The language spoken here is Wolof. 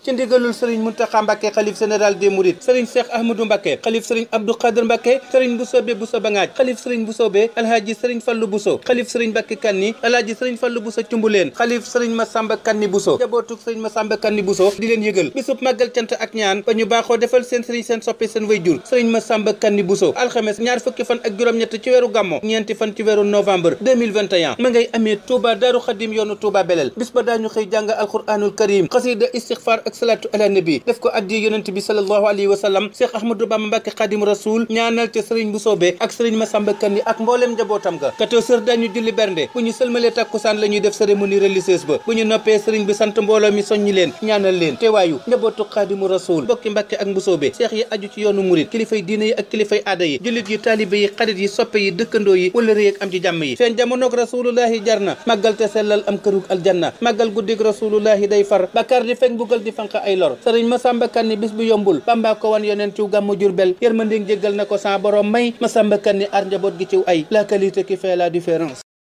ci ndigalul sëriñ Muntaxa Mbàkke xalif général des Mourides sëriñ Cheikh Ahmadou Mbàkke xalif sëriñ Abdou Khader Mbàkke sëriñ Busobe Buso Bangaaj xalif sëriñ Busobe alhaaji sëriñ Fallu Buso xalif sëriñ Mbàkke Kanni alhaaji sëriñ Fallu Buso Cumbuleen xalif sëriñ Masamba Kanni Buso jabootuk sëriñ Masamba Kanni Buso di leen yëgal bisub màggal cant ak ñaan ba ñu baaxoo defal seen sëriñ seen soppe seen wayjur sëriñ Masamba Kanni Buso alxames ñaar fukki ak salaatu ala nabi def ko addi yonent bi sallallahu alayhi wa sallam Cheikh Ahmadou Bamba Mbacké Khadim Rasoul ñaanal ca Serigne Mboussobé ak Serigne Massamba Kanni ak mbooleem njabootam ga 14h dañu julli bernde bu ñu sëlmalee takkusaan la ñuy def cérémonie religieuse ba bu ñu noppee Serigne bi sant mbooloo mi soññi leen ñaanal leen teewaayu njabootu Khadimu Rasoul bokki Mbacké ak Mboussobé seex yi aju ci yoonu murid kilifay diine yi ak kilifay aada na màggal te sellal am kërug aljanna màggal guddig rasulullahi day far bakkaar fanq ay lor sëriñ Masamba Kanni bis bu yombul Bamba ko wan yoneen ciw gàmmu Jurbel yërmande jéggal na ko sa borom may Masamba Kanni ar njaboot gi ciw ay la qualité qui fait différence